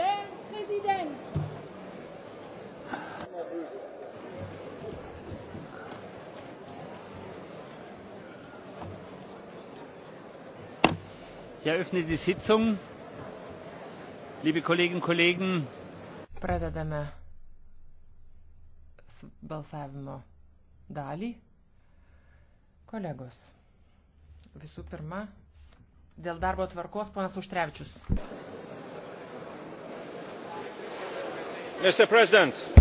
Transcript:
Der Präsident. Ich eröffne die Sitzung. Liebe Kolleginnen und Kollegen. Pradedame balsavimo dalį. Kolegos, visų pirma, dėl darbo tvarkos ponas Užtrevičius. mr president